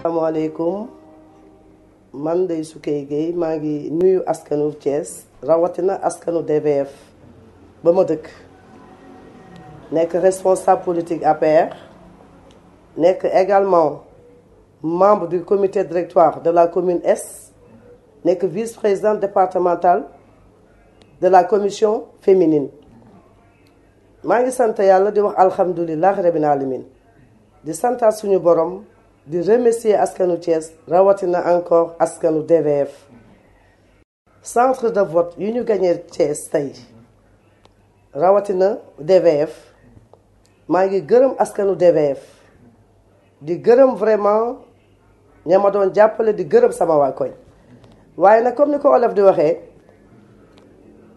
asalaamaaleykum man day Soukeye gay magi nuyu askanu Thiès rawatina askanu DVF bama dëkk responsable politique APR n'ek également membre du comité directoire de la commune S, n'ek vice président départemental de la commission féminine Magi sante yalla di wax alhamdoulillah rabbil alamin di sante suñu borom je remercier Askanou Thiès rawatina encore Askanou DVF centre de vote yu ñu gagné Thiès rawatina DVF maa ngi gërëm DVF di gërëm vraiment Niamadon Diapole, doon jàppale di gërëm sama waa koñ comme ni ko olof di waxee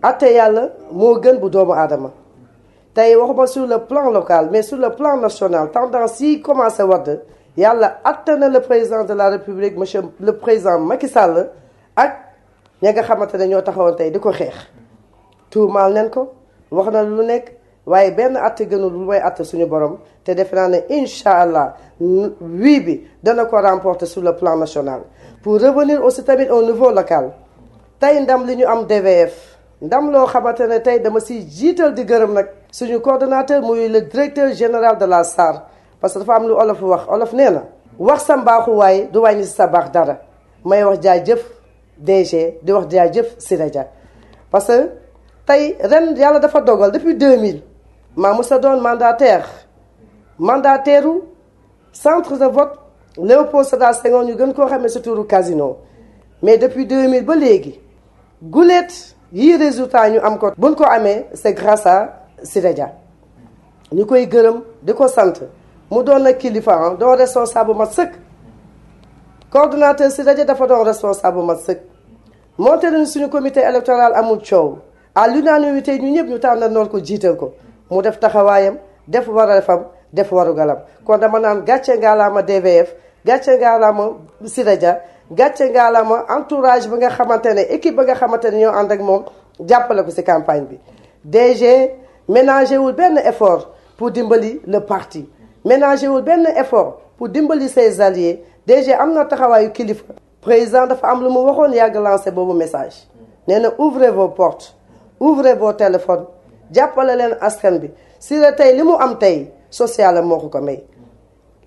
atte yàlla gën bu doomu sur le plan local mais sur le plan national tendance à à voir yalla atte le président de la république monsieur le président Macky Sall ak ñinga xamantene ñoo Nous Tout ko wax lu nekk waye ben att gënul lu suñu borom te ko remporter sur le plan national pour revenir au tamit au niveau local tay ndam li am DVF ndam lo xamantene tay dama si jiital di gërëm nak suñu le directeur général de la SAR parce que dafa am lu olof wax olof nee na wax sa mbaaxu waaye du wàññi sa baax dara may wax jaajëf DG di wax jaajëf Siré Dia parce que tey ren yàlla dafa dogal depuis 2000 maa musa doon mandataire mandataire centre de vote Léopold Sédar Senghor ñu gën koo xamee sa turu casino mais depuis 2000 ba léegi gulet yii résultat ñu am ko buñ ko amee c'est grâce à Siré Dia ñu koy gërëm di ko sant mu doon nag kilifa ah doon responsable ma sëkk coordonnateur dafa doon responsable ma comité électoral amul coow à l'unanimité ñu ñëpp ñu noonu ko jiital ko mu def taxawaayam def def warugalam galam kon dama naan gàcce ngaalaama DVF gàcce ngaalaama un gàcce entourage bi nga xamante ne équipe ba nga xamante ñoo ànd ak moom jàppale ci campagne bi DG effort pour dimbali le parti ménagé wul benn effort pour dimbali ses alliés DG am na taxawaayu kilifa président dafa am lu mu waxoon yàgg lancé boobu message nee na ouvrez vos portes ouvrez vos téléphones jàppale leen askan bi si la tey li mu am tey social moo ko ko may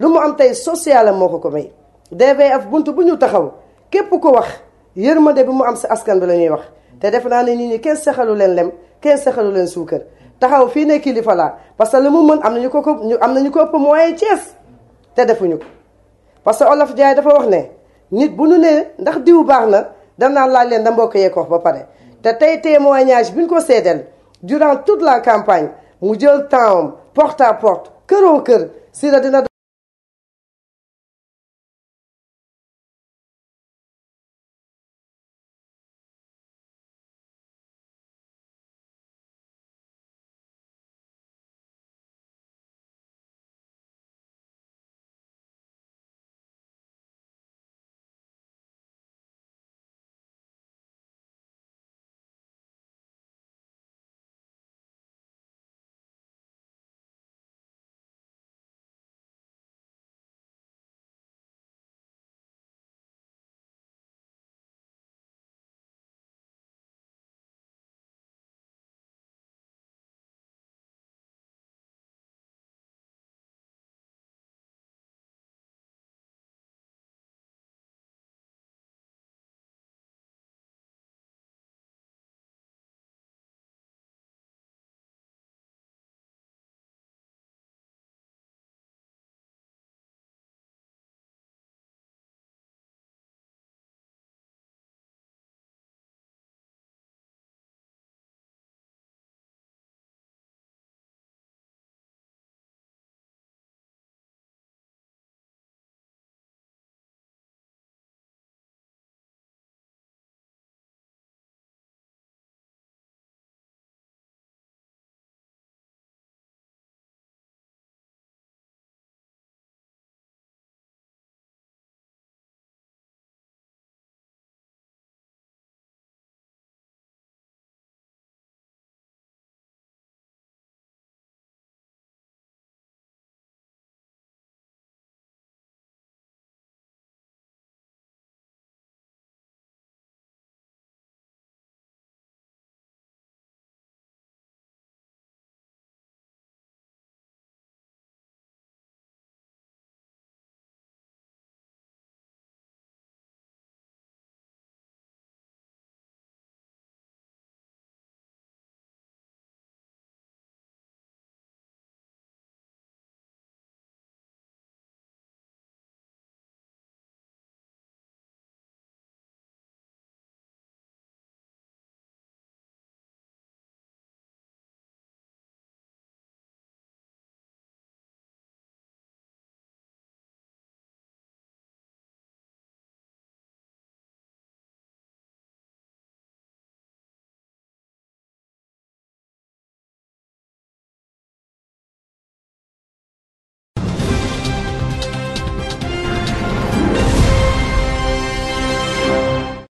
lu mu am tey social moo ko ko may DVF bunt bu ñu taxaw képp ko wax yërmande bi mu am si askan bi la ñuy wax te def naa ne nit ñi kenn sexalu leen lem kenn sexalu leen suukar taxaw fii ne kilifa laa parce que lu mu mën am nañu ko ko am nañu ko ëpp moyen Cees te defuñu ko parce que Olof Njaay dafa wax ne nit bu nu ne ndax diw baax na danaa laaj leen da mbokk yee ko ba pare te tey témoignage bi ñu ko seedeel durant toute la campagne mu jël temps porte à porte këroo kër si la dina